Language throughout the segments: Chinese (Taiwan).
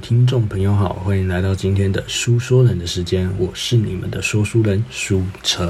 聽眾朋友好，歡迎來到今天的書說人的時間，我是你們的說書人書成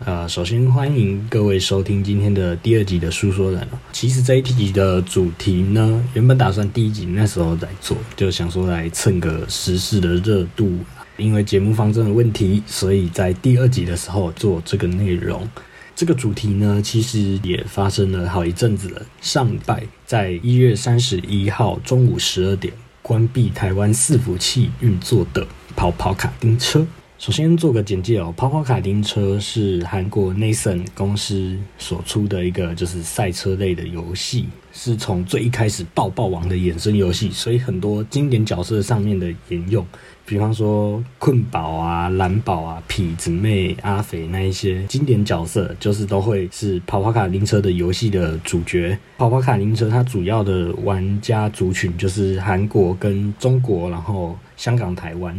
啊。呃，首先歡迎各位收聽今天的第二集的書說人。其實這一集的主題呢，原本打算第一集那時候再做，就想說來蹭個時事的熱度，因為節目方針的問題，所以在第二集的時候做這個內容。這個主題呢，其實也發生了好一陣子了，上拜在一月三十一號中午十二點。關閉台灣伺服器運作的跑跑卡丁車。首先做個簡介哦、喔，跑跑卡丁車是韓國 n e s o nNexon 公司所出的一個就是賽車類的遊戲，是從最一開始《爆爆王》的衍生遊戲，所以很多經典角色上面的沿用。比方說困寶啊、藍寶啊、痞子妹、阿肥那一些經典角色，就是都會是跑跑卡丁車的遊戲的主角。跑跑卡丁車它主要的玩家族群就是韓國跟中國，然後香港、台灣。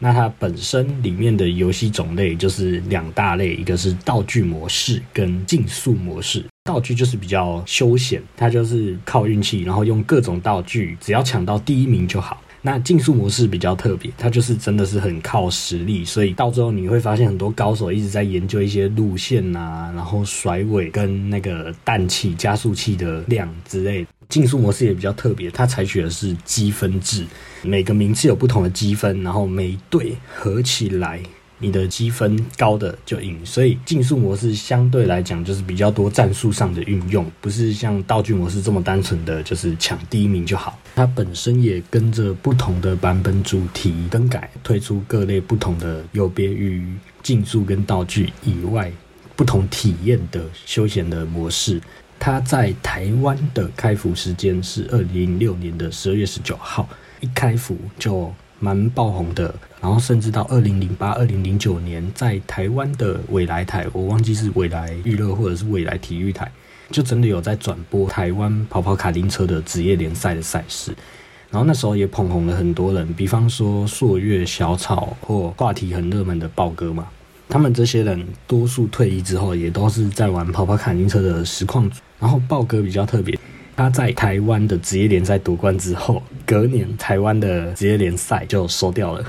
那它本身裡面的遊戲種類就是兩大類，一個是道具模式跟競速模式。道具就是比較休閒，它就是靠運氣，然後用各種道具，只要搶到第一名就好。那競速模式比較特別，它就是真的是很靠實力，所以到最後你會發現很多高手一直在研究一些路線吶、啊，然後甩尾跟那個氮氣加速器的量之類。競速模式也比較特別，它採取的是積分制，每個名次有不同的積分，然後每一隊合起來。你的積分高的就贏，所以競速模式相對來講就是比較多戰術上的運用，不是像道具模式這麼單純的，就是搶第一名就好。它本身也跟着不同的版本主題更改，推出各類不同的有別於競速跟道具以外不同體驗的休閒的模式。它在台灣的開服時間是二零零六年的十二月十九號，一開服就。蠻爆紅的，然後甚至到二零零八、二零零九年，在台灣的未來台，我忘記是未來娛樂或者是未來體育台，就真的有在轉播台灣跑跑卡丁車的職業聯賽的賽事，然後那時候也捧紅了很多人，比方說朔月小草或話題很熱門的豹哥嘛，他們這些人多數退役之後也都是在玩跑跑卡丁車的實況主，然後豹哥比較特別。他在台灣的職業聯賽奪冠之後，隔年台灣的職業聯賽就收掉了。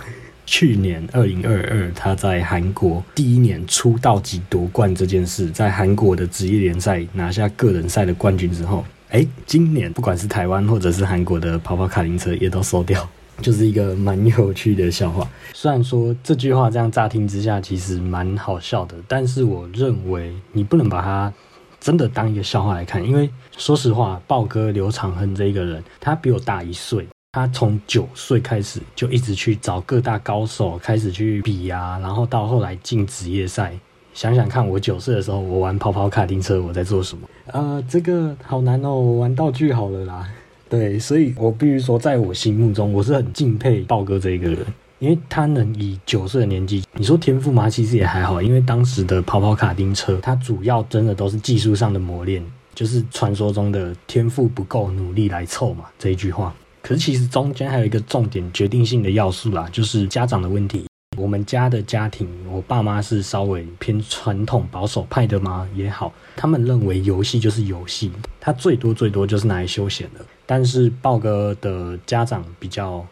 去年二零二二，他在韓國第一年出道即奪冠這件事，在韓國的職業聯賽拿下個人賽的冠軍之後，誒，今年不管是台灣或者是韓國的跑跑卡丁車也都收掉，就是一個蠻有趣的笑話。雖然說這句話這樣乍聽之下其實蠻好笑的，但是我認為你不能把它。真的當一個笑話來看，因為說實話，豹哥劉長亨這一個人，他比我大一歲，他從九歲開始就一直去找各大高手開始去比啊，然後到後來進職業賽。想想看，我九歲的時候，我玩跑跑卡丁車，我在做什麼？呃，這個好難哦、喔，我玩道具好了啦。對，所以我必須說，在我心目中，我是很敬佩豹哥這一個人。因為他能以九歲的年紀，你說天賦嗎？其實也還好。因為當時的跑跑卡丁車，它主要真的都是技術上的磨練，就是傳說中的天賦不夠，努力來湊嘛這一句話。可是其實中間還有一個重點決定性的要素啦、啊，就是家長的問題。我們家的家庭，我爸媽是稍微偏傳統保守派的嘛，也好，他們認為遊戲就是遊戲，他最多最多就是拿來休閒的。但是爆哥的家長比較。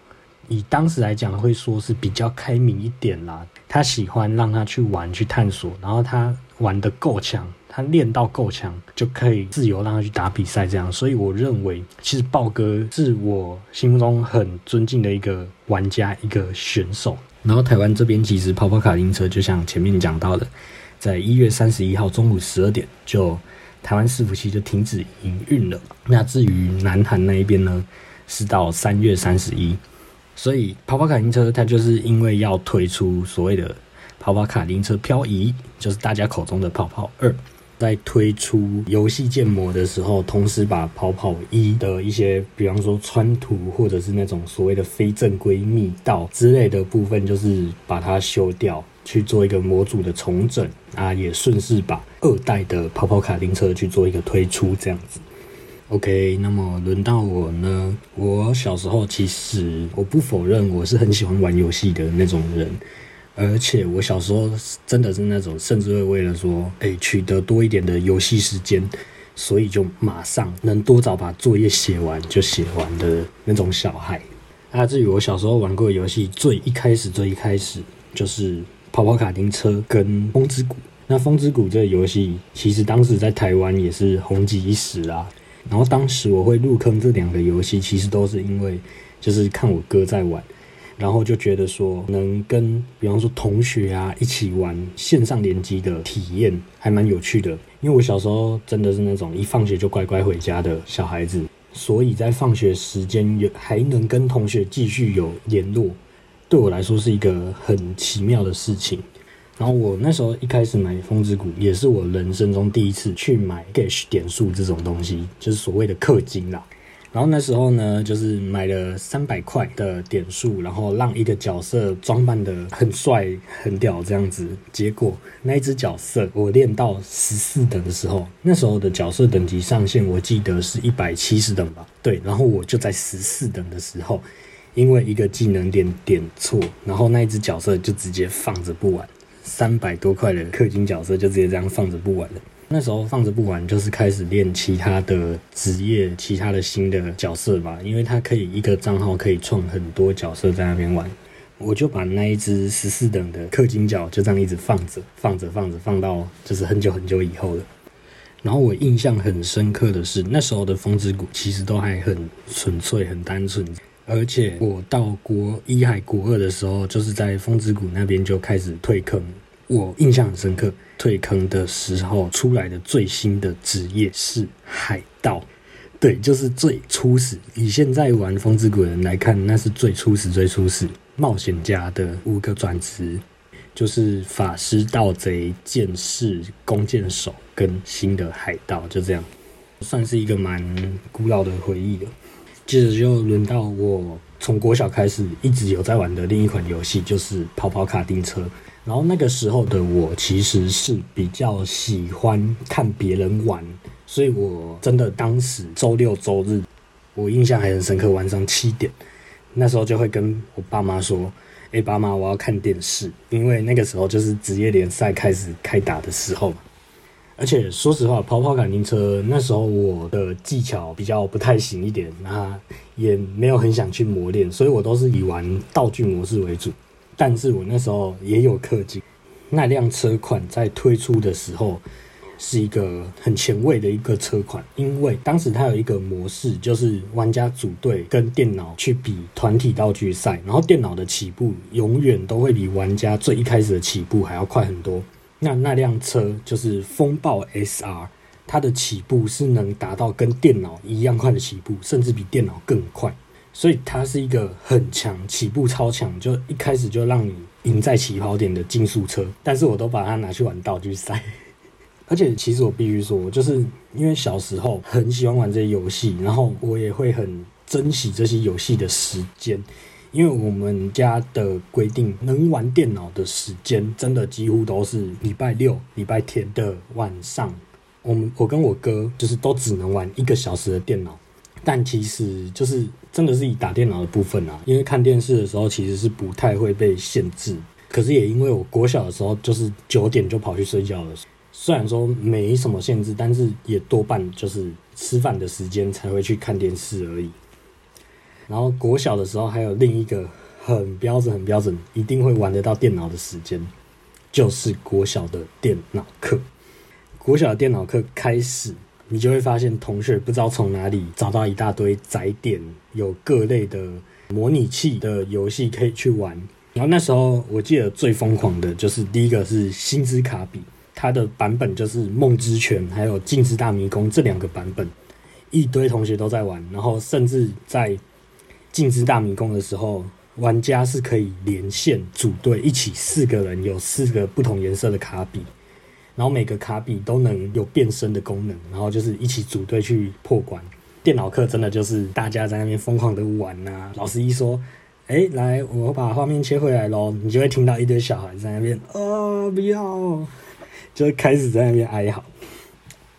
以當時來講，會說是比較開明一點啦。他喜歡讓他去玩、去探索，然後他玩得夠強，他練到夠強，就可以自由讓他去打比賽這樣。所以我認為，其實豹哥是我心目中很尊敬的一個玩家、一個選手。然後台灣這邊其實跑跑卡丁車，就像前面講到的，在一月三十一號中午十二點，就台灣伺服器就停止營運了。那至於南韓那一邊呢，是到三月三十一。所以跑跑卡丁車它就是因為要推出所謂的跑跑卡丁車漂移，就是大家口中的跑跑二，在推出遊戲建模的時候，同時把跑跑一的一些，比方說穿圖或者是那種所謂的非正規密道之類的部分，就是把它修掉，去做一個模組的重整啊，也順勢把二代的跑跑卡丁車去做一個推出，這樣子。OK，那麼輪到我呢？我小時候，其實我不否認我是很喜歡玩遊戲的那種人，而且我小時候真的是那種甚至會為了說，哎，取得多一點的遊戲時間，所以就馬上能多早把作業寫完就寫完的那種小孩。啊，至於我小時候玩過的遊戲，最一開始最一開始就是跑跑卡丁車跟風之谷。那風之谷這個遊戲其實當時在台灣也是紅極一時啦。然後當時我會入坑這兩個遊戲，其實都是因為就是看我哥在玩，然後就覺得說能跟，比方說同學啊一起玩線上聯機的體驗還蠻有趣的。因為我小時候真的是那種一放學就乖乖回家的小孩子，所以在放學時間有還能跟同學繼續有聯絡，對我來說是一個很奇妙的事情。然後我那時候一開始買《風之谷》，也是我人生中第一次去買 Gash 點數這種東西，就是所謂的氪金啦。然後那時候呢，就是買了三百塊的點數，然後讓一個角色裝扮得很帥、很屌這樣子。結果那一隻角色我練到十四等的時候，那時候的角色等級上限我記得是一百七十等吧？對，然後我就在十四等的時候，因為一個技能點點錯，然後那一隻角色就直接放着不玩。三百多塊的氪金角色就直接這樣放着不玩了。那時候放着不玩，就是開始練其他的職業、其他的新的角色吧，因為它可以一個賬號可以創很多角色在那邊玩。我就把那一隻十四等的氪金角就這樣一直放着、放着、放着，放到就是很久很久以後了。然後我印象很深刻的是，那時候的風之谷其實都還很純粹、很單純。而且我到國一、海國二的時候，就是在楓之谷那邊就開始退坑。我印象很深刻，退坑的時候出來的最新的職業是海盜，對，就是最初始。以現在玩楓之谷的人來看，那是最初始、最初始冒險家的五個轉職，就是法師、盜賊、劍士、弓箭手跟新的海盜，就這樣，算是一個蠻古老的回憶了。接着就輪到我從國小開始一直有在玩的另一款遊戲，就是跑跑卡丁車。然後那個時候的我其實是比較喜歡看別人玩，所以我真的當時周六周日，我印象還很深刻，晚上七點那時候就會跟我爸媽說：“誒、欸，爸媽，我要看電視。”因為那個時候就是職業聯賽開始開打的時候。而且說實話，跑跑卡丁車那時候我的技巧比較不太行一點，那也沒有很想去磨練，所以我都是以玩道具模式為主。但是我那時候也有氪金。那輛車款在推出的時候是一個很前衛的一個車款，因為當時它有一個模式，就是玩家組隊跟電腦去比團體道具賽，然後電腦的起步永遠都會比玩家最一開始的起步還要快很多。那那輛車就是風暴 SR，它的起步是能達到跟電腦一樣快的起步，甚至比電腦更快，所以它是一個很強、起步超強，就一開始就讓你贏在起跑點的競速車。但是我都把它拿去玩道具賽， 而且其實我必須說，就是因為小時候很喜歡玩這些遊戲，然後我也會很珍惜這些遊戲的時間。因為我們家的規定，能玩電腦的時間真的幾乎都是禮拜六、禮拜天的晚上。我們我跟我哥就是都只能玩一個小時的電腦。但其實就是真的是以打電腦的部分啊，因為看電視的時候其實是不太會被限制。可是也因為我國小的時候就是九點就跑去睡覺了，雖然說沒什麼限制，但是也多半就是吃飯的時間才會去看電視而已。然後國小的時候，還有另一個很標準、很標準，一定會玩得到電腦的時間，就是國小的電腦課。國小的電腦課開始，你就會發現同學不知道從哪裡找到一大堆載點，有各類的模擬器的遊戲可以去玩。然後那時候，我記得最瘋狂的就是第一個是星之卡比，它的版本就是夢之泉，還有鏡之大迷宮這兩個版本，一堆同學都在玩，然後甚至在鏡之大迷宮的時候，玩家是可以連線組隊一起，四個人有四個不同顏色的卡比，然後每個卡比都能有變身的功能，然後就是一起組隊去破關。電腦課真的就是大家在那邊瘋狂的玩吶、啊。老師一說，哎、欸，來，我把畫面切回來咯，你就會聽到一堆小孩在那邊啊、哦、不要，就開始在那邊哀嚎。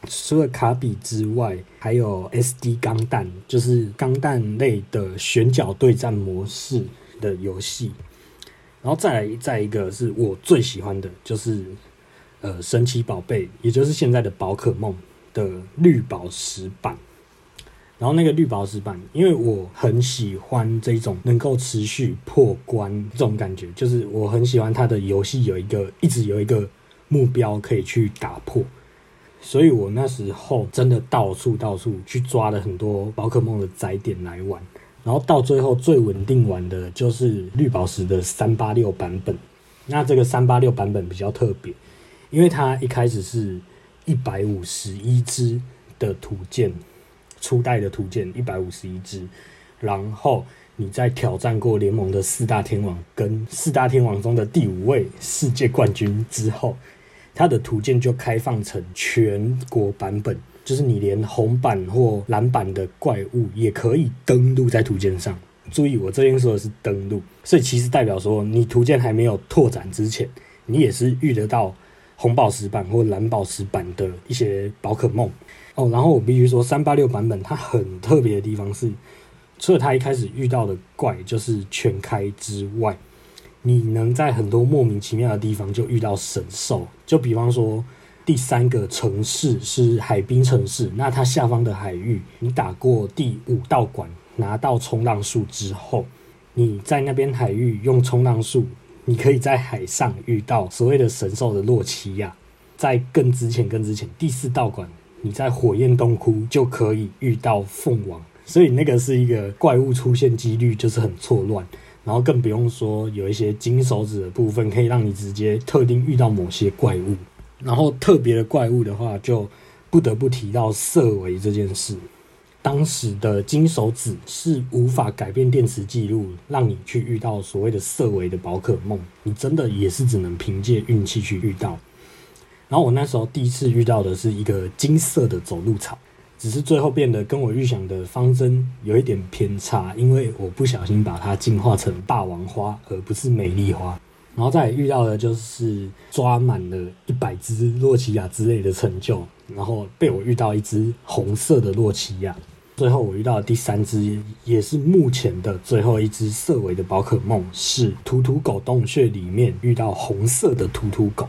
除了卡比之外，還有 SD 鋼彈，就是鋼彈類的選角對戰模式的遊戲。然後再來再一個是我最喜歡的就是呃神奇寶貝，也就是現在的寶可夢的綠寶石版。然後那個綠寶石版，因為我很喜歡這種能夠持續破關這種感覺，就是我很喜歡它的遊戲有一個一直有一個目標可以去打破。所以我那時候真的到處到處去抓了很多寶可夢的宅點來玩，然後到最後最穩定玩的就是綠寶石的三八六版本。那這個三八六版本比較特別，因為它一開始是一百五十一隻的圖鑑，初代的圖鑑一百五十一隻，然後你在挑戰過聯盟的四大天王跟四大天王中的第五位世界冠軍之後。它的圖鑑就開放成全國版本，就是你連紅版或藍版的怪物也可以登錄在圖鑑上。注意，我這邊說的是登錄，所以其實代表說你圖鑑還沒有拓展之前，你也是遇得到紅寶石版或藍寶石版的一些寶可夢哦。然後我必須說，386版本它很特別的地方是，除了它一開始遇到的怪就是全開之外。你能在很多莫名其妙的地方就遇到神獸，就比方說，第三個城市是海濱城市，那它下方的海域，你打過第五道館拿到衝浪術之後，你在那邊海域用衝浪術，你可以在海上遇到所謂的神獸的洛奇亞。在更之前，更之前，第四道館你在火焰洞窟就可以遇到鳳王，所以那個是一個怪物出現幾率就是很錯亂。然後更不用說有一些金手指的部分，可以讓你直接特定遇到某些怪物。然後特別的怪物的話，就不得不提到色違這件事。當時的金手指是無法改變電池記錄，讓你去遇到所謂的色違的寶可夢。你真的也是只能憑借運氣去遇到。然後我那時候第一次遇到的是一個金色的走路草。只是最後變得跟我預想的方針有一點偏差，因為我不小心把它進化成霸王花而不是美麗花。然後再遇到的就是抓滿了一百隻洛奇亞之類的成就，然後被我遇到一隻紅色的洛奇亞。最後我遇到的第三隻，也是目前的最後一隻色違的寶可夢，是圖圖狗洞穴裡面遇到紅色的圖圖狗。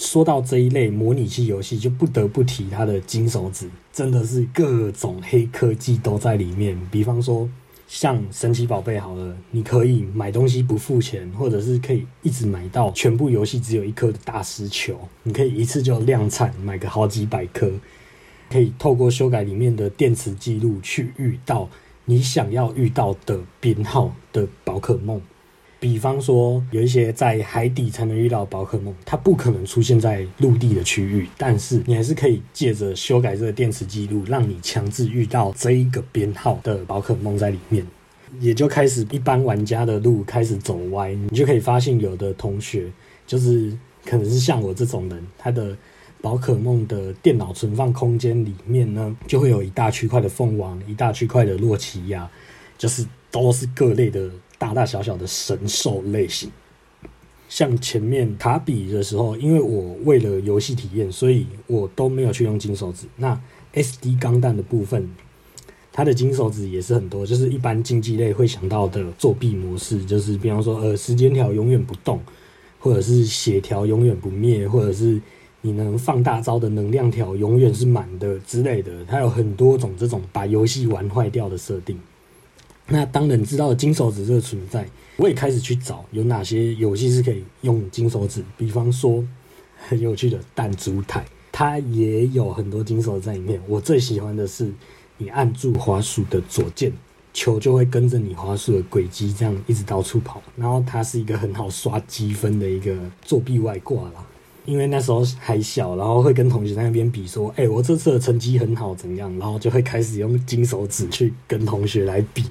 說到這一類模擬器遊戲，就不得不提它的金手指，真的是各種黑科技都在裡面。比方說，像神奇寶貝好了，你可以買東西不付錢，或者是可以一直買到全部遊戲只有一顆的大師球，你可以一次就量產買個好幾百顆。可以透過修改裡面的電池記錄去遇到你想要遇到的編號的寶可夢。比方說，有一些在海底才能遇到寶可夢，它不可能出現在陸地的區域。但是你還是可以借着修改這個電池記錄，讓你強制遇到這一個編號的寶可夢在裡面，也就開始一般玩家的路開始走歪。你就可以發現，有的同學就是可能是像我這種人，他的寶可夢的電腦存放空間裡面呢，就會有一大區塊的鳳王，一大區塊的洛奇亞，就是都是各類的。大大小小的神獸類型，像前面卡比的時候，因為我為了遊戲體驗，所以我都沒有去用金手指。那 SD 鋼彈的部分，它的金手指也是很多，就是一般競技類會想到的作弊模式，就是比方說，呃，時間條永遠不動，或者是血條永遠不滅，或者是你能放大招的能量條永遠是滿的之類的，它有很多種這種把遊戲玩壞掉的設定。那當人知道金手指這個存在，我也開始去找有哪些遊戲是可以用金手指。比方說，很有趣的彈珠台，它也有很多金手指在裡面。我最喜歡的是，你按住滑鼠的左鍵，球就會跟着你滑鼠的軌跡這樣一直到處跑。然後它是一個很好刷積分的一個作弊外掛啦。因為那時候還小，然後會跟同學在那邊比說，哎，我這次的成績很好，怎樣？然後就會開始用金手指去跟同學來比。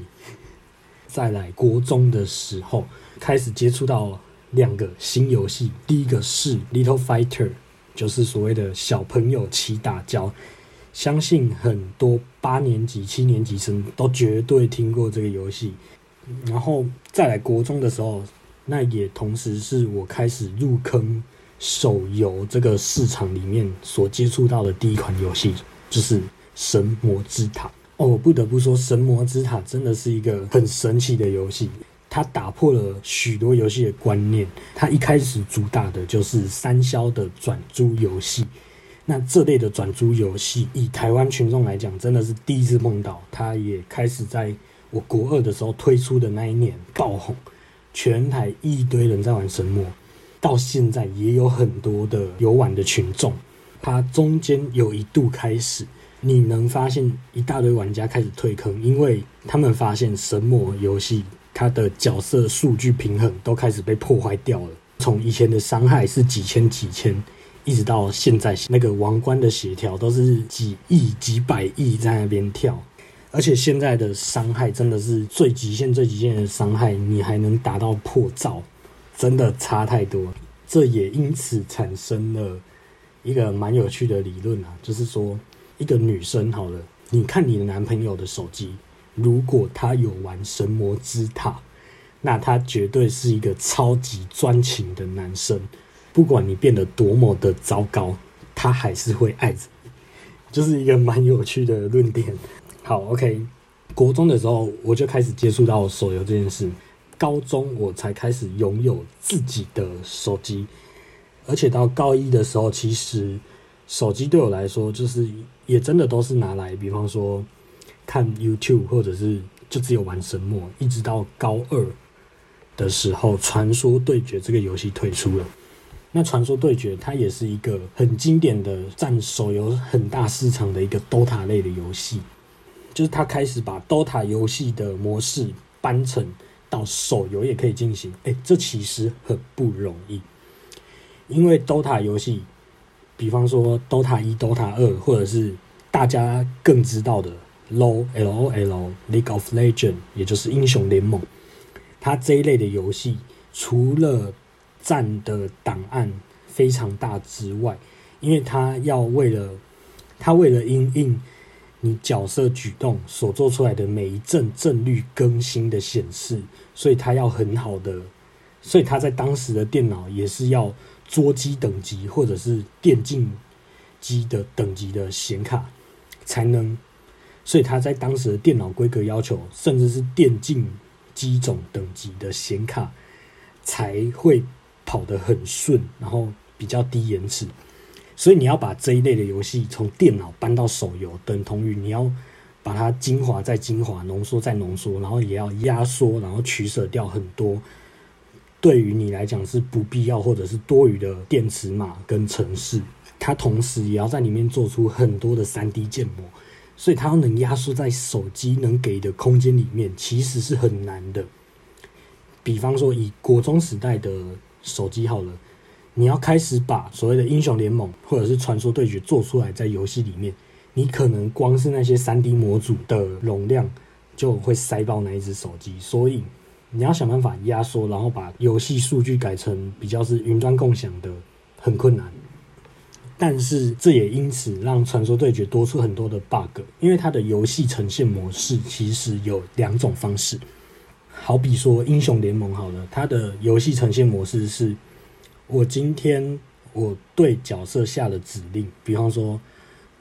再來國中的時候，開始接觸到兩個新遊戲。第一個是 Little Fighter，就是所謂的小朋友齊打交，相信很多八年級、七年級生都絕對聽過這個遊戲。然後再來國中的時候，那也同時是我開始入坑手遊這個市場裡面所接觸到的第一款遊戲，就是《神魔之塔》。哦，不得不說，《神魔之塔》真的是一個很神奇的遊戲，它打破了許多遊戲的觀念。它一開始主打的就是三消的轉珠遊戲，那這類的轉珠遊戲，以台灣群眾來講，真的是第一次碰到。它也開始在我國二的時候推出的那一年爆紅，全台一堆人在玩神魔，到現在也有很多的遊玩的群眾。它中間有一度開始。你能發現一大堆玩家開始退坑，因為他們發現神魔遊戲它的角色數據平衡都開始被破壞掉了。從以前的傷害是幾千幾千，一直到現在那個王關的血條，都是幾億、幾百億在那邊跳，而且現在的傷害真的是最極限、最極限的傷害，你還能達到破兆，真的差太多。這也因此產生了一個蠻有趣的理論啊，就是說，一個女生好了，你看你的男朋友的手機，如果他有玩《神魔之塔》，那他絕對是一個超級專情的男生。不管你變得多麼的糟糕，他還是會愛着你。就是一個蠻有趣的論點。好，OK，國中的時候我就開始接觸到我手遊這件事，高中我才開始擁有自己的手機，而且到高一的時候，其實手機對我來說就是。也真的都是拿來，比方說看 YouTube，或者是就只有玩神魔，一直到高二的時候，傳說對決這個遊戲推出了。那傳說對決它也是一個很經典的占手遊很大市場的一個 Dota 類的遊戲，就是它開始把 Dota 遊戲的模式搬成到手遊也可以進行。欸，這其實很不容易，因為 Dota 遊戲。比方說《Dota 一》、《Dota 二》，或者是大家更知道的 LOL（League of Legends），也就是《英雄聯盟》，它這一類的遊戲，除了占的檔案非常大之外，因為它要為了它為了因應你角色舉動所做出來的每一幀幀率更新的顯示，所以它要很好的。所以他在當時的電腦也是要桌機等級或者是電競機的等級的顯卡才能，所以他在當時的電腦規格要求甚至是電競機種等級的顯卡才會跑得很順，然後比較低延遲。所以你要把這一類的遊戲從電腦搬到手遊，等同於你要把它精華再精華，濃縮再濃縮，然後也要壓縮，然後取捨掉很多。對於你來講是不必要或者是多餘的電池碼跟程式，它同時也要在裡面做出很多的三 D 建模，所以它能壓縮在手機能給的空間裡面，其實是很難的。比方說，以國中時代的手機好了，你要開始把所謂的英雄聯盟或者是傳說對決做出來在遊戲裡面，你可能光是那些三 D 模組的容量就會塞爆那一隻手機，所以。你要想辦法壓縮，然後把遊戲數據改成比較是雲端共享的，很困難。但是這也因此讓《傳說對決》多出很多的 bug，因為它的遊戲呈現模式其實有兩種方式。好比說《英雄聯盟》好了，它的遊戲呈現模式是：我今天我對角色下了指令，比方說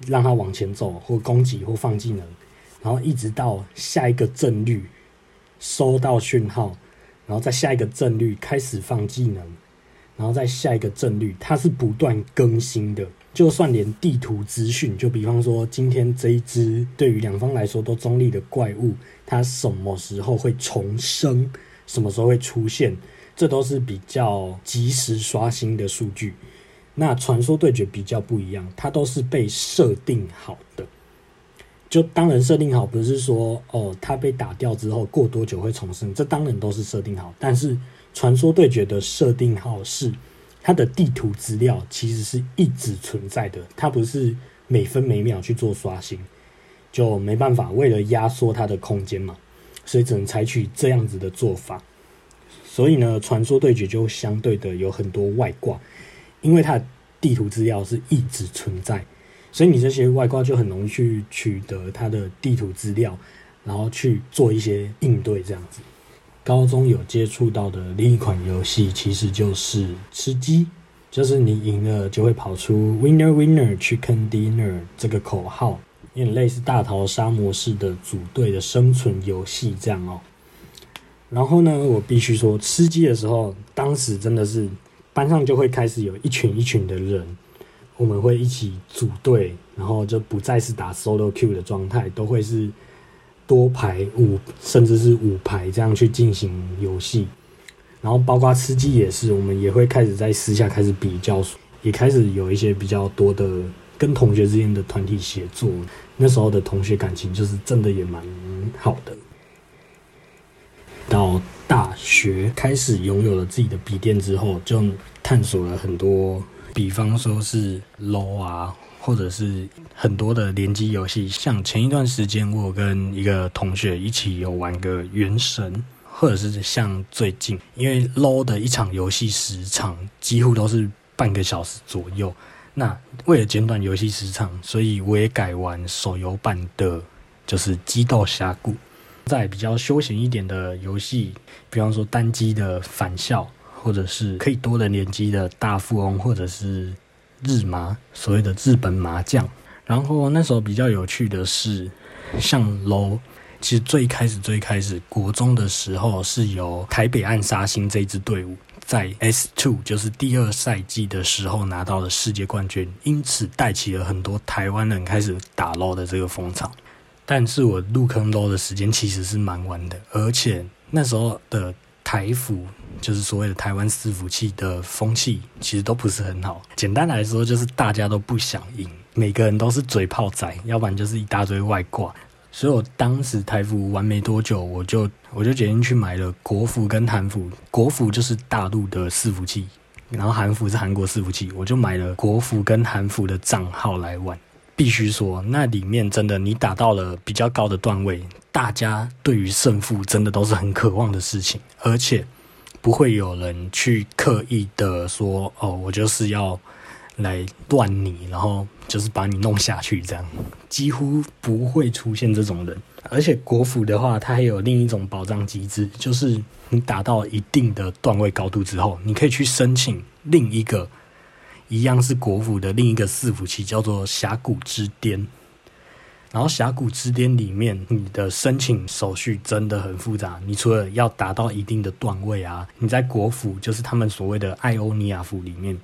讓它往前走，或攻擊，或放技能，然後一直到下一個幀率。收到訊號，然後在下一個幀率開始放技能，然後在下一個幀率，它是不斷更新的。就算連地圖資訊，就比方說今天這一隻對於兩方來說都中立的怪物，它什麼時候會重生，什麼時候會出現，這都是比較即時刷新的數據。那傳說對決比較不一樣，它都是被設定好的。就當然設定好，不是說哦，他被打掉之後過多久會重生，這當然都是設定好。但是傳說對決的設定好是它的地圖資料其實是一直存在的，它不是每分每秒去做刷新，就沒辦法，為了壓縮它的空間嘛，所以只能採取這樣子的做法。所以呢，傳說對決就相對的有很多外掛，因為它的地圖資料是一直存在。所以你這些外掛就很容易去取得它的地圖資料，然後去做一些應對這樣子。高中有接觸到的另一款遊戲其實就是吃雞，就是你贏了就會跑出 “Winner Winner Chicken Dinner” 這個口號，因為類似大逃殺模式的組隊的生存遊戲這樣哦。然後呢，我必須說，吃雞的時候，當時真的是班上就會開始有一群一群的人。我們會一起組隊，然後就不再是打 Solo Q 的狀態，都會是多排五，甚至是五排這樣去進行遊戲。然後包括吃雞也是，我們也會開始在私下開始比較，也開始有一些比較多的跟同學之間的團體協作。那時候的同學感情就是真的也蠻好的。到大學開始擁有了自己的筆電之後，就探索了很多。比方說是 LOL 啊，或者是很多的聯機遊戲，像前一段時間我有跟一個同學一起有玩個《原神》，或者是像最近，因為 LOL 的一場遊戲時長幾乎都是半個小時左右，那為了簡短遊戲時長，所以我也改玩手遊版的，就是《激鬥峽谷》。在比較休閒一點的遊戲，比方說單機的《返校》。或者是可以多人聯機的大富翁，或者是日麻，所謂的日本麻將。然後那時候比較有趣的是，像 LOL，其實最開始最開始國中的時候，是由台北暗殺星這支隊伍在 S2，就是第二賽季的時候拿到了世界冠軍，因此帶起了很多台灣人開始打 LOL 的這個風潮。但是我入坑 LOL 的時間其實是蠻晚的，而且那時候的台服。就是所謂的台灣伺服器的風氣，其實都不是很好。簡單來說，就是大家都不想贏，每個人都是嘴炮仔，要不然就是一大堆外掛。所以我當時台服玩沒多久，我就我就決定去買了國服跟韓服。國服就是大陸的伺服器，然後韓服是韓國伺服器，我就買了國服跟韓服的賬號來玩。必須說，那裡面真的你打到了比較高的段位，大家對於勝負真的都是很渴望的事情，而且。不會有人去刻意的說，哦，我就是要來斷你，然後就是把你弄下去，這樣幾乎不會出現這種人。而且國服的話，它還有另一種保障機制，就是你達到一定的段位高度之後，你可以去申請另一個一樣是國服的另一個伺服器，叫做峽谷之巔。然後峽谷之巔裡面，你的申請手續真的很複雜。你除了要達到一定的段位啊，你在國服就是他們所謂的艾歐尼亞服裡面，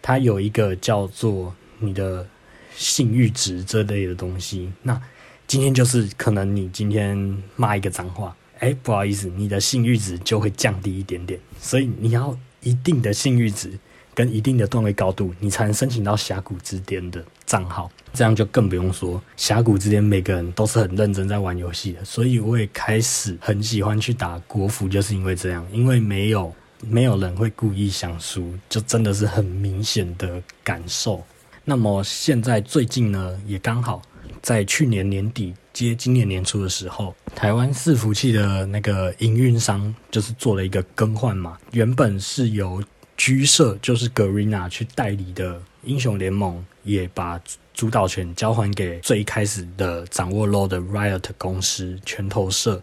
它有一個叫做你的信譽值這類的東西。那今天就是可能你今天罵一個髒話，哎，不好意思，你的信譽值就會降低一點點。所以你要一定的信譽值跟一定的段位高度，你才能申請到峽谷之巔的賬號。這樣就更不用說峽谷之間每個人都是很認真在玩遊戲的，所以我也開始很喜歡去打國服，就是因為這樣，因為沒有沒有人會故意想輸，就真的是很明顯的感受。那麼現在最近呢，也剛好在去年年底接今年年初的時候，台灣伺服器的那個營運商就是做了一個更換嘛，原本是由居社就是 Garena 去代理的英雄聯盟，也把。主導權交還給最開始的掌握 LOL 的 Riot 公司，拳頭社，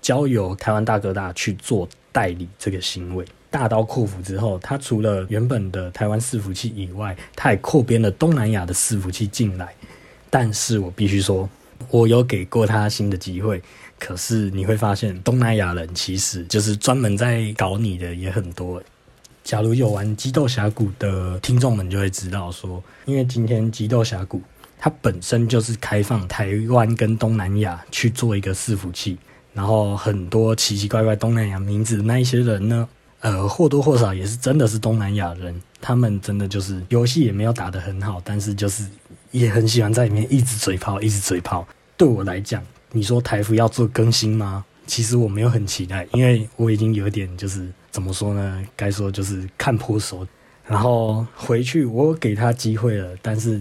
交由台灣大哥大去做代理這個行為。大刀闊斧之後，他除了原本的台灣伺服器以外，他也擴編了東南亞的伺服器進來。但是我必須說，我有給過他新的機會，可是你會發現，東南亞人其實就是專門在搞你的也很多。假如有玩《激鬥峽谷》的聽眾們就會知道說，因為今天《激鬥峽谷》它本身就是開放台灣跟東南亞去做一個伺服器，然後很多奇奇怪怪東南亞名字的那一些人呢，呃，或多或少也是真的是東南亞人，他們真的就是遊戲也沒有打得很好，但是就是也很喜歡在裡面一直嘴炮，一直嘴炮。對我來講，你說台服要做更新嗎？其實我沒有很期待，因為我已經有點就是。怎麼說呢？該說就是看破手，然後回去，我給他機會了，但是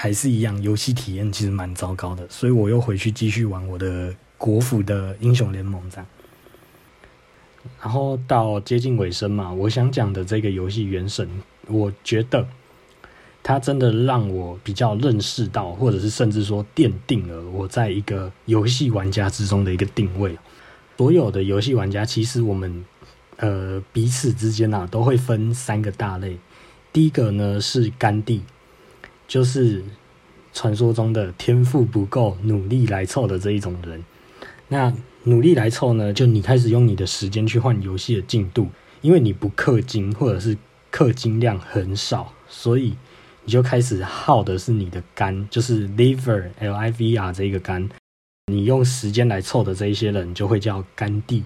還是一樣，遊戲體驗其實蠻糟糕的，所以我又回去繼續玩我的國服的英雄聯盟戰。然後到接近尾聲嘛，我想講的這個遊戲《原神》，我覺得它真的讓我比較認識到，或者是甚至說奠定了我在一個遊戲玩家之中的一個定位。所有的遊戲玩家，其實我們。呃，彼此之間吶、啊，都會分三個大類。第一個呢是肝帝，就是傳說中的天賦不夠、努力來湊的這一種人。那努力來湊呢，就你開始用你的時間去換遊戲的進度，因為你不氪金，或者是氪金量很少，所以你就開始耗的是你的肝，就是 liver l i v r 這一個肝。你用時間來湊的這一些人，就會叫肝帝。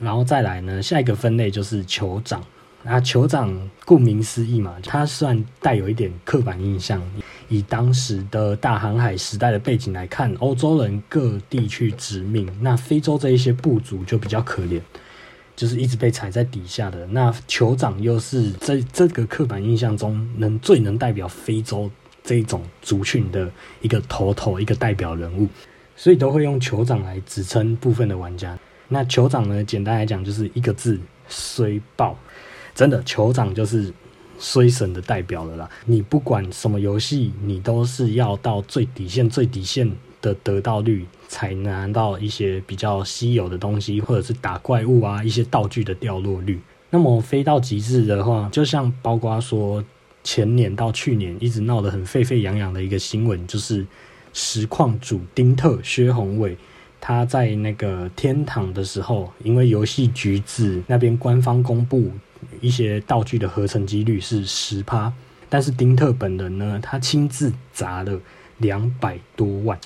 然後再來呢，下一個分類就是酋長。那、啊、酋長顧名思義嘛，它算帶有一點刻板印象。以當時的大航海時代的背景來看，歐洲人各地去殖民，那非洲這一些部族就比較可憐，就是一直被踩在底下的。那酋長又是這這個刻板印象中，能最能代表非洲這一種族群的一個頭頭，一個代表人物，所以都會用酋長來指稱部分的玩家。那酋長呢？簡單來講，就是一個字：衰爆。真的，酋長就是衰神的代表了啦。你不管什麼遊戲，你都是要到最底線、最底線的得到率，才拿到一些比較稀有的東西，或者是打怪物啊一些道具的掉落率。那麼非到極致的話，就像包括說前年到去年一直鬧得很沸沸揚揚的一個新聞，就是實況主丁特薛宏偉。他在那個天堂的時候，因為遊戲橘子那邊官方公布一些道具的合成幾率是十趴，但是丁特本人呢，他親自砸了兩百多萬，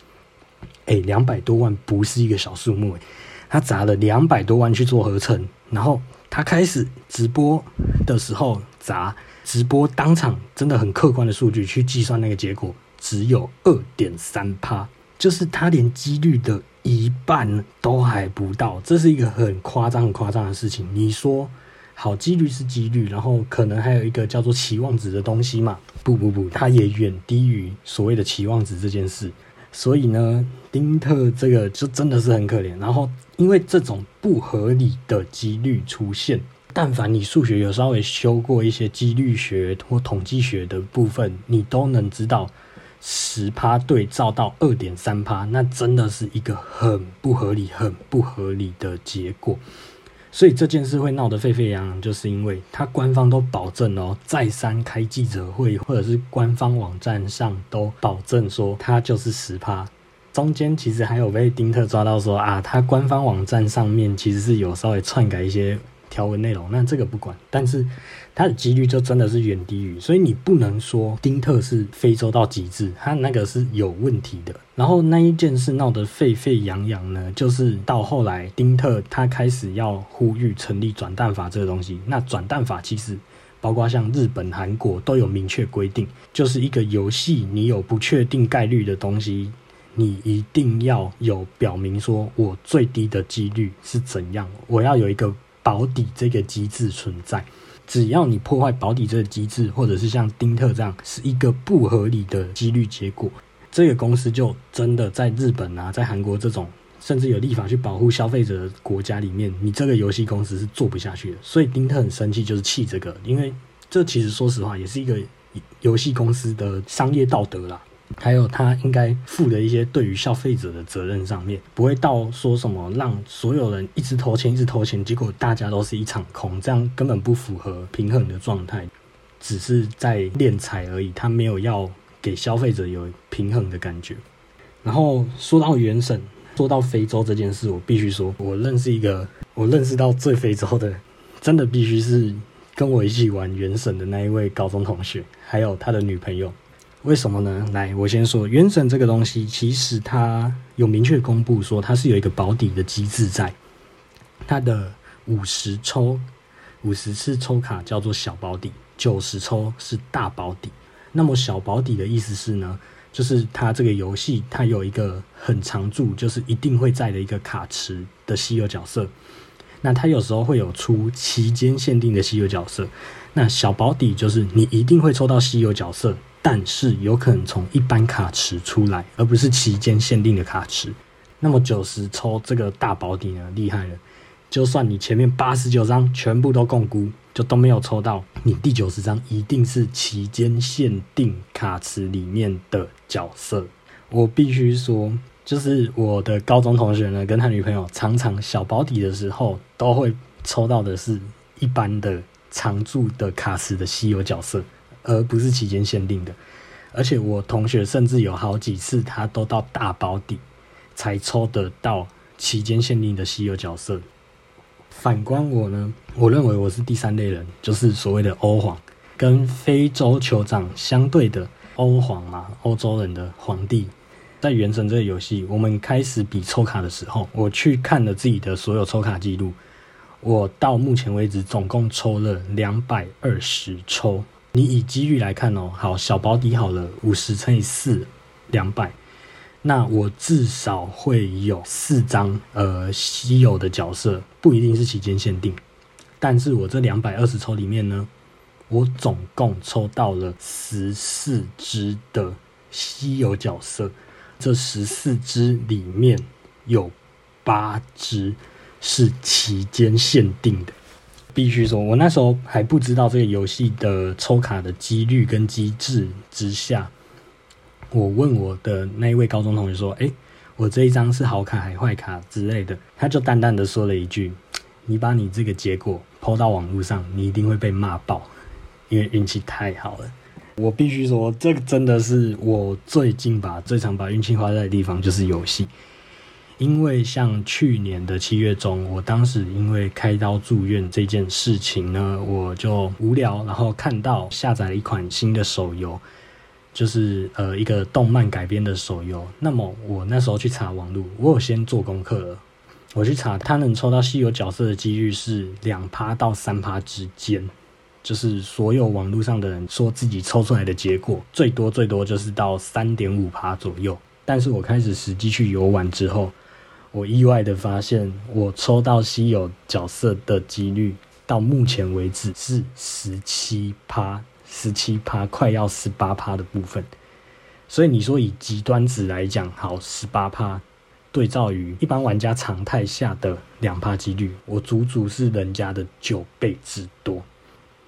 哎，兩百多萬不是一個小數目，欸，他砸了兩百多萬去做合成，然後他開始直播的時候砸，直播當場真的很客觀的數據去計算那個結果只有二點三趴，就是他連幾率的。一半都還不到，這是一個很誇張、很誇張的事情。你說好，幾率是幾率，然後可能還有一個叫做期望值的東西嘛？不不不，它也遠低於所謂的期望值這件事。所以呢，丁特這個就真的是很可憐。然後，因為這種不合理的幾率出現，但凡你數學有稍微修過一些幾率學或統計學的部分，你都能知道。十趴對照到二點三趴，那真的是一個很不合理、很不合理的結果。所以這件事會鬧得沸沸揚揚，就是因為他官方都保證哦、喔，再三開記者會或者是官方網站上都保證說他就是十趴。中間其實還有被丁特抓到說啊，他官方網站上面其實是有稍微篡改一些條文內容。那這個不管，但是。它的幾率就真的是遠低於，所以你不能說丁特是非洲到極致，他那個是有問題的。然後那一件事鬧得沸沸揚揚呢，就是到後來丁特他開始要呼籲成立轉蛋法這個東西。那轉蛋法其實包括像日本、韓國都有明確規定，就是一個遊戲你有不確定概率的東西，你一定要有表明說我最低的幾率是怎樣，我要有一個保底這個機制存在。只要你破壞保底這個機制，或者是像丁特這樣是一個不合理的幾率結果，這個公司就真的在日本啊，在韓國這種甚至有立法去保護消費者的國家裡面，你這個遊戲公司是做不下去的。所以丁特很生氣，就是氣這個，因為這其實說實話也是一個遊戲公司的商業道德啦。還有他應該負的一些對於消費者的責任上面，不會到說什麼讓所有人一直投錢一直投錢，結果大家都是一場空，這樣根本不符合平衡的狀態，只是在斂財而已，他沒有要給消費者有平衡的感覺。然後說到原神，說到非洲這件事，我必須說，我認識一個，我認識到最非洲的，真的必須是跟我一起玩原神的那一位高中同學，還有他的女朋友。為什麼呢？來，我先說原神這個東西，其實它有明確公布說它是有一個保底的機制在，在它的五十抽、五十次抽卡叫做小保底，九十抽是大保底。那麼小保底的意思是呢，就是它這個遊戲它有一個很常駐，就是一定會在的一個卡池的稀有角色。那它有時候會有出期間限定的稀有角色。那小保底就是你一定會抽到稀有角色。但是有可能從一般卡池出來，而不是期間限定的卡池。那麼九十抽這個大保底呢，厲害了。就算你前面八十九張全部都摃龜，就都沒有抽到，你第九十張一定是期間限定卡池裡面的角色。我必須說，就是我的高中同學呢，跟他女朋友常常小保底的時候，都會抽到的是一般的常駐的卡池的稀有角色。而不是期間限定的，而且我同學甚至有好幾次，他都到大保底才抽得到期間限定的稀有角色。反觀我呢，我認為我是第三類人，就是所謂的歐皇，跟非洲酋長相對的歐皇嘛，歐洲人的皇帝。在原神這個遊戲，我們開始比抽卡的時候，我去看了自己的所有抽卡記錄，我到目前為止總共抽了兩百二十抽。你以機率來看哦、喔，好，小保底好了，五十乘以四，兩百，那我至少會有四張呃稀有的角色，不一定是期間限定，但是我這兩百二十抽裡面呢，我總共抽到了十四隻的稀有角色，這十四隻裡面有八隻是期間限定的。必須說，我那時候還不知道這個遊戲的抽卡的幾率跟機制之下，我問我的那一位高中同學說：“誒、欸，我這一張是好卡還是壞卡之類的？”他就淡淡的說了一句：“你把你這個結果拋到網絡上，你一定會被罵爆，因為運氣太好了。”我必須說，這個真的是我最近吧，最常把運氣花在的地方就是遊戲。因為像去年的七月中，我當時因為開刀住院這件事情呢，我就無聊，然後看到下載了一款新的手遊，就是呃一個動漫改編的手遊。那麼我那時候去查網絡，我有先做功課了。我去查他能抽到稀有角色的幾率是兩趴到三趴之間，就是所有網絡上的人說自己抽出來的結果，最多最多就是到三點五趴左右。但是我開始實際去遊玩之後，我意外的發現，我抽到稀有角色的幾率，到目前為止是十七趴，十七趴，快要十八趴的部分。所以你說以極端值來講，好，十八趴對照於一般玩家常態下的兩趴幾率，我足足是人家的九倍之多。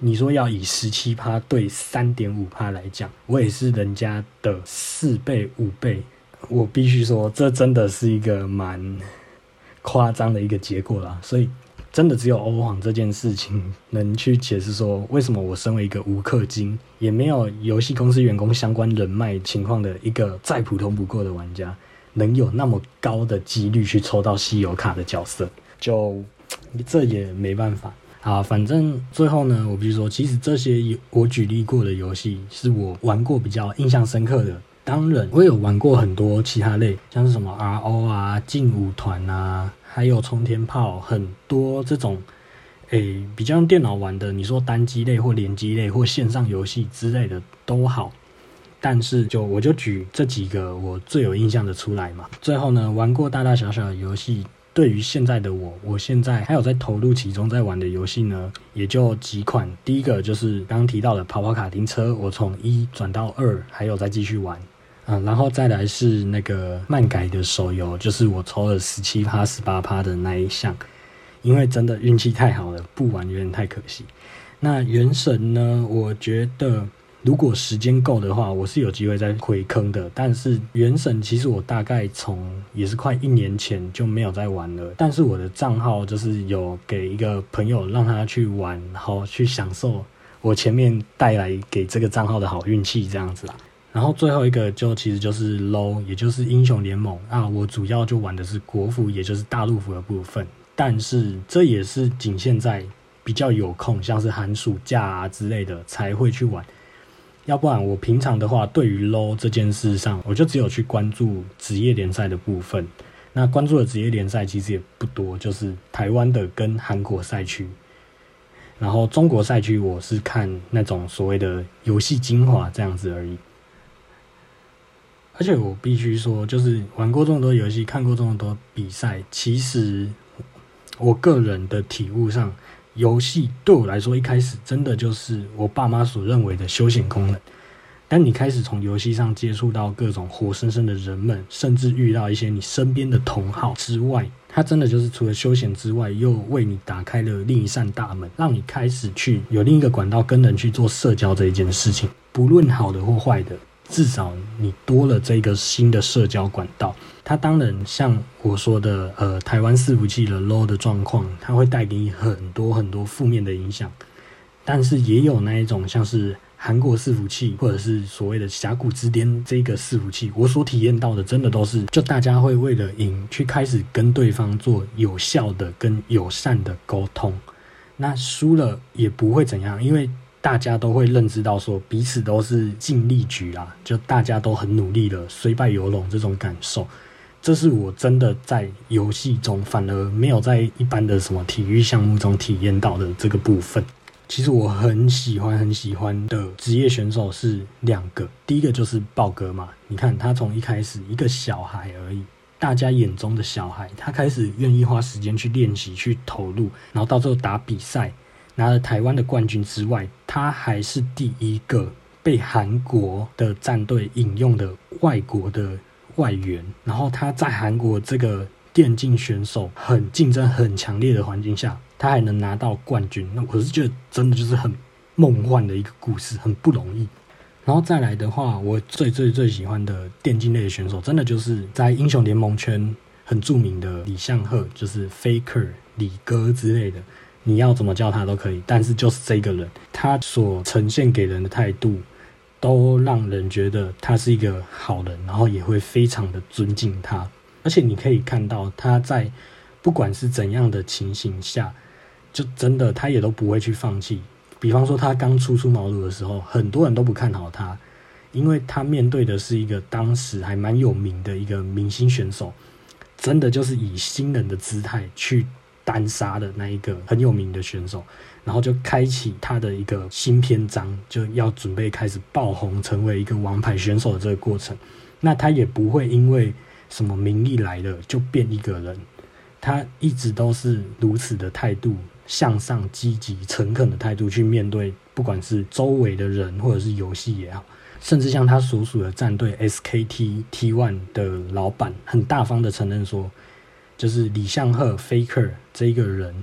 你說要以十七趴對三點五趴來講，我也是人家的四倍五倍。我必須說，這真的是一個蠻誇張的一個結果啦，所以真的只有歐皇這件事情能去解釋說，為什麼我身為一個無氪金、也沒有遊戲公司員工相關人脈情況的一個再普通不過的玩家，能有那麼高的幾率去抽到稀有卡的角色，就這也沒辦法啊。反正最後呢，我必須說，其實這些我舉例過的遊戲，是我玩過比較印象深刻的。當然，我有玩過很多其他類，像是什麼 RO 啊、勁舞團啊，還有沖天炮，很多這種誒、欸、比較用電腦玩的。你說單機類或聯機類或線上遊戲之類的都好，但是就我就舉這幾個我最有印象的出來嘛。最後呢，玩過大大小小的遊戲，對於現在的我，我現在還有在投入其中在玩的遊戲呢，也就幾款。第一個就是剛剛提到的跑跑卡丁車，我從一轉到二，還有再繼續玩。嗯、啊，然後再來是那個漫改的手遊，就是我抽了十七趴、十八趴的那一項，因為真的運氣太好了，不玩有點太可惜。那原神呢，我覺得如果時間夠的話，我是有機會再回坑的。但是原神其實我大概從也是快一年前就沒有再玩了，但是我的賬號就是有給一個朋友讓他去玩，然後去享受我前面帶來給這個賬號的好運氣這樣子啦。然後最後一個就其實就是 LOL，也就是英雄聯盟啊。我主要就玩的是國服，也就是大陸服的部分。但是這也是僅限在比較有空，像是寒暑假啊之類的才會去玩。要不然我平常的話，對於 LOL 這件事上，我就只有去關注職業聯賽的部分。那關注的職業聯賽其實也不多，就是台灣的跟韓國賽區。然後中國賽區我是看那種所謂的遊戲精華這樣子而已。而且我必須說，就是玩過這麼多遊戲，看過這麼多比賽，其實我個人的體悟上，遊戲對我來說一開始真的就是我爸媽所認為的休閒功能。當你開始從遊戲上接觸到各種活生生的人們，甚至遇到一些你身邊的同好之外，它真的就是除了休閒之外，又為你打開了另一扇大門，讓你開始去有另一個管道跟人去做社交這一件事情，不論好的或壞的。至少你多了這個新的社交管道，它當然像我說的，呃，台灣伺服器的 low 的狀況，它會帶給你很多很多負面的影響。但是也有那一種像是韓國伺服器，或者是所謂的峽谷之巔這個伺服器，我所體驗到的，真的都是就大家會為了贏去開始跟對方做有效的、跟友善的溝通，那輸了也不會怎樣，因為。大家都會認知到，說彼此都是盡力局啦，就大家都很努力的，雖敗猶榮這種感受，這是我真的在遊戲中反而沒有在一般的什麼體育項目中體驗到的這個部分。其實我很喜歡很喜歡的職業選手是兩個，第一個就是爆哥嘛，你看他從一開始一個小孩而已，大家眼中的小孩，他開始願意花時間去練習，去投入，然後到最後打比賽。拿了台灣的冠軍之外，他還是第一個被韓國的戰隊引進的外國的外援。然後他在韓國這個電競選手很競爭很強烈的環境下，他還能拿到冠軍，那我是覺得真的就是很夢幻的一個故事，很不容易。然後再來的話，我最最最喜歡的電競類的選手，真的就是在英雄聯盟圈很著名的李相赫，就是 Faker 李哥之類的。你要怎麼叫他都可以，但是就是這個人，他所呈現給人的態度，都讓人覺得他是一個好人，然後也會非常的尊敬他。而且你可以看到他在不管是怎樣的情形下，就真的他也都不會去放棄。比方說他剛初出茅廬的時候，很多人都不看好他，因為他面對的是一個當時還蠻有名的一個明星選手，真的就是以新人的姿態去。單殺的那一個很有名的選手，然後就開啟他的一個新篇章，就要準備開始爆紅，成為一個王牌選手的這個過程。那他也不會因為什麼名利來了就變一個人，他一直都是如此的態度，向上、積極、誠懇的態度去面對，不管是周圍的人或者是遊戲也好，甚至像他所屬的戰隊 SKT T1 的老闆，很大方的承認說。就是李相赫 Faker 這一個人，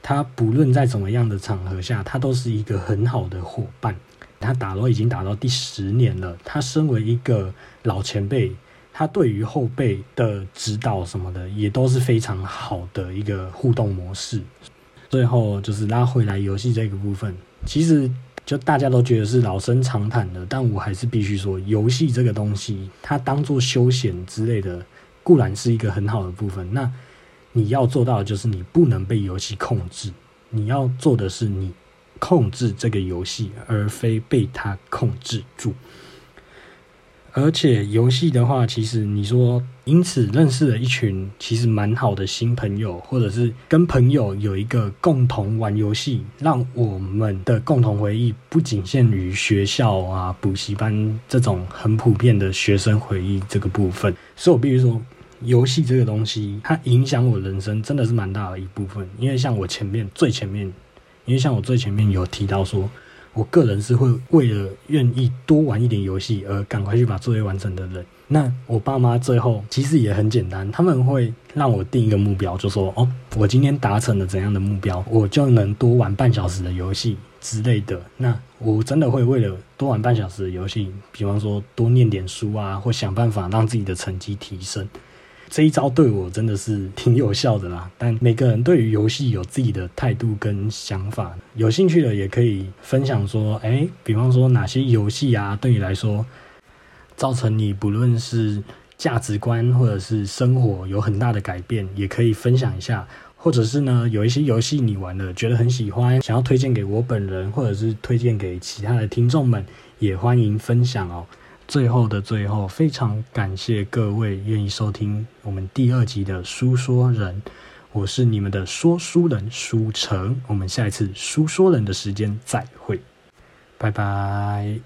他不論在怎麼樣的場合下，他都是一個很好的夥伴。他打都已經打到第十年了，他身為一個老前輩，他對於後輩的指導什麼的，也都是非常好的一個互動模式。最後就是拉回來遊戲這個部分，其實就大家都覺得是老生常談的，但我還是必須說，遊戲這個東西，它當做休閒之類的。固然是一個很好的部分，那你要做到的就是你不能被遊戲控制，你要做的是你控制這個遊戲，而非被它控制住。而且遊戲的話，其實你說，因此認識了一群其實蠻好的新朋友，或者是跟朋友有一個共同玩遊戲，讓我們的共同回憶不僅限於學校啊、補習班這種很普遍的學生回憶這個部分。所以，我必須說，遊戲這個東西，它影響我人生真的是蠻大的一部分。因為像我前面最前面，因為像我最前面有提到說。我個人是會為了願意多玩一點遊戲而趕快去把作業完成的人。那我爸媽最後其實也很簡單，他們會讓我定一個目標，就說哦，我今天達成了怎樣的目標，我就能多玩半小時的遊戲之類的。那我真的會為了多玩半小時的遊戲，比方說多念點書啊，或想辦法讓自己的成績提升。這一招對我真的是挺有效的啦，但每個人對於遊戲有自己的態度跟想法，有興趣的也可以分享說，誒，比方說哪些遊戲啊，對你來說造成你不論是價值觀或者是生活有很大的改變，也可以分享一下。或者是呢，有一些遊戲你玩了覺得很喜歡，想要推薦給我本人，或者是推薦給其他的聽眾們，也歡迎分享哦。最後的最後，非常感謝各位願意收聽我們第二集的書說人，我是你們的說書人書成，我們下一次書說人的時間再會，拜拜。